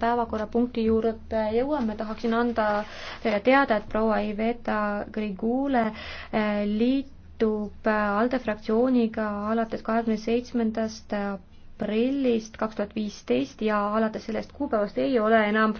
päevakorrapunkti juurde jõuame, tahaksin anda teada, et proua Iveta Grigule eh, liitub eh, ALDE fraktsiooniga alates kahekümne seitsmendast aprillist kaks tuhat viisteist ja alates sellest kuupäevast ei ole enam